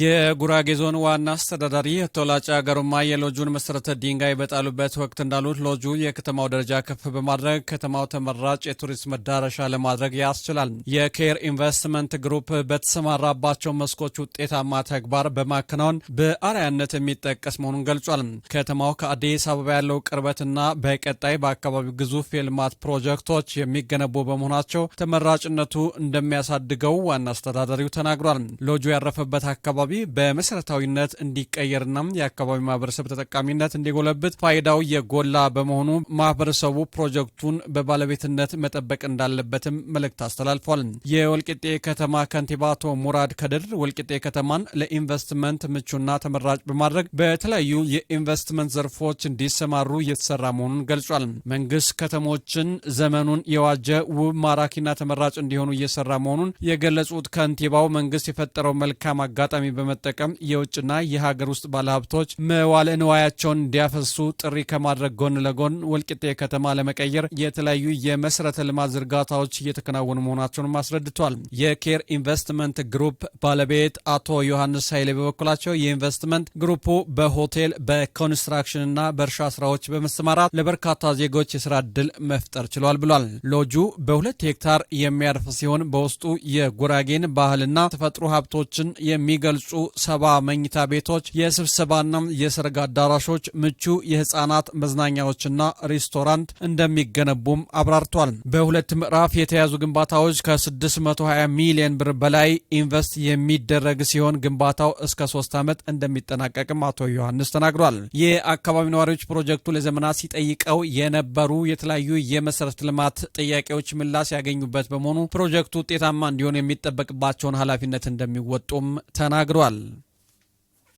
የጉራጌ ዞን ዋና አስተዳዳሪ አቶ ላጫ ገሩማ የሎጁን መሰረተ ድንጋይ በጣሉበት ወቅት እንዳሉት ሎጁ የከተማው ደረጃ ከፍ በማድረግ ከተማው ተመራጭ የቱሪስት መዳረሻ ለማድረግ ያስችላል። የኬር ኢንቨስትመንት ግሩፕ በተሰማራባቸው መስኮች ውጤታማ ተግባር በማከናወን በአርአያነት የሚጠቀስ መሆኑን ገልጿል። ከተማው ከአዲስ አበባ ያለው ቅርበትና በቀጣይ በአካባቢው ግዙፍ የልማት ፕሮጀክቶች የሚገነቡ በመሆናቸው ተመራጭነቱ እንደሚያሳድገው ዋና አስተዳዳሪው ተናግሯል። ሎጁ ያረፈበት አካባቢ አካባቢ በመሰረታዊነት እንዲቀየርና የአካባቢ ማህበረሰብ ተጠቃሚነት እንዲጎለብት ፋይዳው የጎላ በመሆኑ ማህበረሰቡ ፕሮጀክቱን በባለቤትነት መጠበቅ እንዳለበትም መልእክት አስተላልፏል። የወልቂጤ ከተማ ከንቲባ አቶ ሙራድ ከድር ወልቂጤ ከተማን ለኢንቨስትመንት ምቹና ተመራጭ በማድረግ በተለያዩ የኢንቨስትመንት ዘርፎች እንዲሰማሩ እየተሰራ መሆኑን ገልጿል። መንግስት ከተሞችን ዘመኑን የዋጀ ውብ፣ ማራኪና ተመራጭ እንዲሆኑ እየሰራ መሆኑን የገለጹት ከንቲባው መንግስት የፈጠረው መልካም አጋጣሚ በመጠቀም የውጭና የሀገር ውስጥ ባለሀብቶች መዋለ ንዋያቸውን እንዲያፈሱ ጥሪ ከማድረግ ጎን ለጎን ወልቂጤ ከተማ ለመቀየር የተለያዩ የመሰረተ ልማት ዝርጋታዎች እየተከናወኑ መሆናቸውንም አስረድቷል። የኬር ኢንቨስትመንት ግሩፕ ባለቤት አቶ ዮሐንስ ኃይሌ በበኩላቸው የኢንቨስትመንት ግሩፑ በሆቴል በኮንስትራክሽንና በእርሻ ስራዎች በመሰማራት ለበርካታ ዜጎች የስራ እድል መፍጠር ችሏል ብሏል። ሎጁ በሁለት ሄክታር የሚያርፍ ሲሆን በውስጡ የጉራጌን ባህልና ተፈጥሮ ሀብቶችን የሚገልጹ የተገነጹ ሰባ መኝታ ቤቶች፣ የስብሰባና የሰርግ አዳራሾች፣ ምቹ የህፃናት መዝናኛዎችና ሬስቶራንት እንደሚገነቡም አብራርቷል። በሁለት ምዕራፍ የተያዙ ግንባታዎች ከ620 ሚሊዮን ብር በላይ ኢንቨስት የሚደረግ ሲሆን ግንባታው እስከ ሶስት ዓመት እንደሚጠናቀቅም አቶ ዮሐንስ ተናግሯል። የአካባቢ ነዋሪዎች ፕሮጀክቱ ለዘመናት ሲጠይቀው የነበሩ የተለያዩ የመሰረተ ልማት ጥያቄዎች ምላሽ ያገኙበት በመሆኑ ፕሮጀክቱ ውጤታማ እንዲሆን የሚጠበቅባቸውን ኃላፊነት እንደሚወጡም ተናግሯል። ተናግሯል።